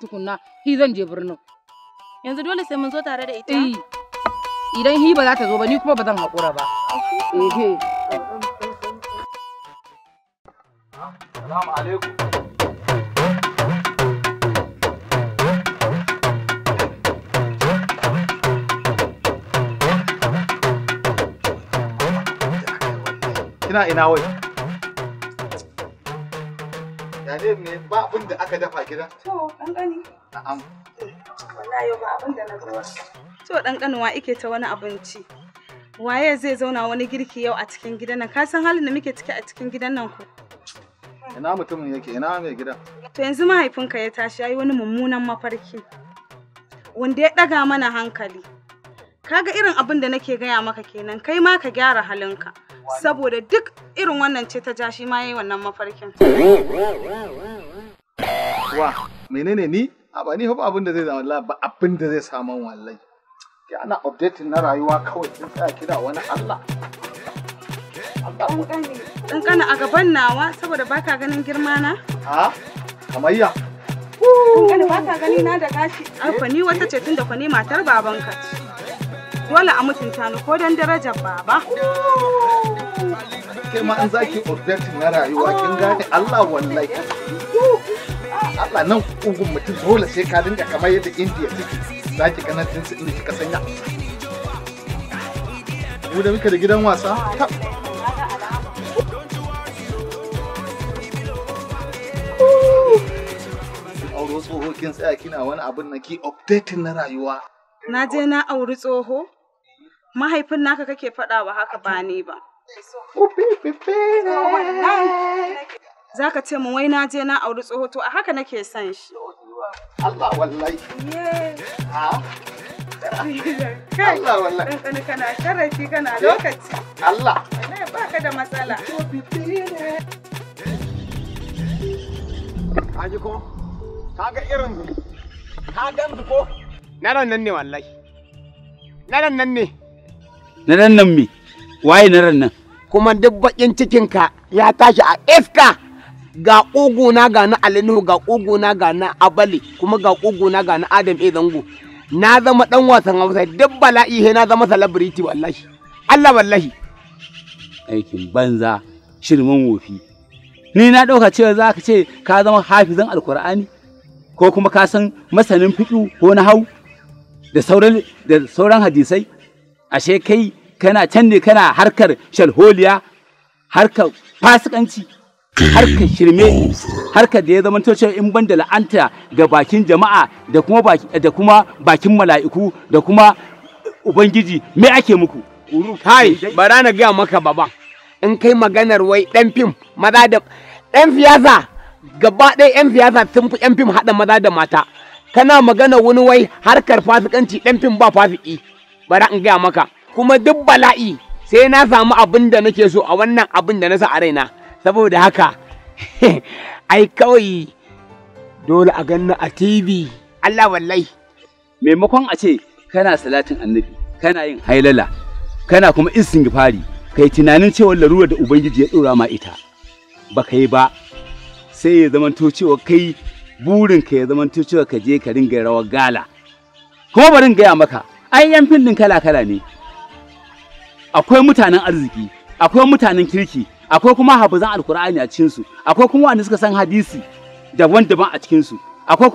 tukunna hi zan je birnin yanzu dole sai mun zo tare da ita eh, idan hi ba za ta zo ba ni kuma ba zan haƙura ba ehe kina ina wai Yane ne ba abin da aka dafa gida? To, ɗanɗani. Na'am. Wallahi ba abin da na zuwa. To, ɗanɗani wa ike ta wani abinci. Waye zai zauna wani girki yau a cikin gidan nan? Ka san halin da muke ciki a cikin gidan nan ku? Ina mutumin yake, ina mai gidan. To yanzu mahaifinka ya tashi ya yi wani mummunan mafarki. Wanda ya ɗaga mana hankali. Kaga irin abin da nake gaya maka kenan, kai ma ka gyara halinka. saboda duk irin wannan ce ta ja shi ma yayi wannan mafarkin wa menene ni a ba ni fa abin da zai zama wallahi ba abin da zai samu wallahi ke ana updating na rayuwa kawai kin tsaya kira wani Allah Dan kana a gaban nawa saboda baka ganin girma na? Ha? Kamayya. Kana baka gani na da gashi. Eh, Alfa ni wata ce tun da kwani matar babanka. Dole a mutunta ni ko don darajar baba. ke ma an zaki objectin na rayuwa kin gane Allah wallahi Allah nan ugun mutum dole sai ka dinga kamar yadda India take zaki ganin jinsi inda kika sanya mu da muke da gidan wasa auro tsoho kin tsaya kina wani abin na ki updating na rayuwa na je na auri tsoho mahaifin naka kake faɗawa haka ba ne ba Za ka ce mu wai na je na auri tsoho to a haka nake son shi. Allah wallahi. Allah wallahi. Ɗan kana sharafi kana eh? lokaci. Allah. Wallahi ba ka da matsala. Kaji ko? Kaga irin ka gan ko? Na nan ne wallahi. Na nan ne. Na nan nan me? waye na ran nan kuma duk bakin cikin ka ya tashi a iska ga ƙuguna ga na alinu ga ƙuguna ga na abali kuma ga ƙuguna ga na adam e zango na zama dan wasan hausa duk bala'i he na zama celebrity wallahi allah wallahi aikin banza shirman wofi ni na ɗauka cewa za ka ce ka zama hafizan alkur'ani ko kuma ka san masanin fiƙu ko na hau da sauran hadisai ashe kai kana can ne kana harkar shalholiya harkar fasikanci harkar shirme harkar da ya zama tocin in ban da la'anta ga bakin jama'a da kuma da kuma bakin mala'iku da kuma ubangiji me ake muku kai bara na gaya maka baba in kai maganar wai dan fim maza da dan fiyasa gaba ɗaya yan fiyasa sun fi yan fim haɗa maza da mata kana magana wani wai harkar fasikanci dan fim ba fasiki bara in gaya maka kuma duk bala'i sai na samu abin da nake so a wannan abin da na sa a raina saboda haka ai kawai dole a ganna a tv allah wallahi maimakon a ce kana salatin annabi kana yin hailala kana kuma gifari kai tunanin cewa larura da ubangiji ya dora ma ita ba ka yi ba sai ya zamanto cewa kai burin ka ya zamanto cewa ka je ka ringa rawar gala kuma barin gaya maka ai yan findin kala kala ne akwai mutanen arziki akwai mutanen kirki akwai kuma hafizan alkur'ani a cikinsu akwai kuma wanda suka san hadisi daban-daban a cikinsu akwai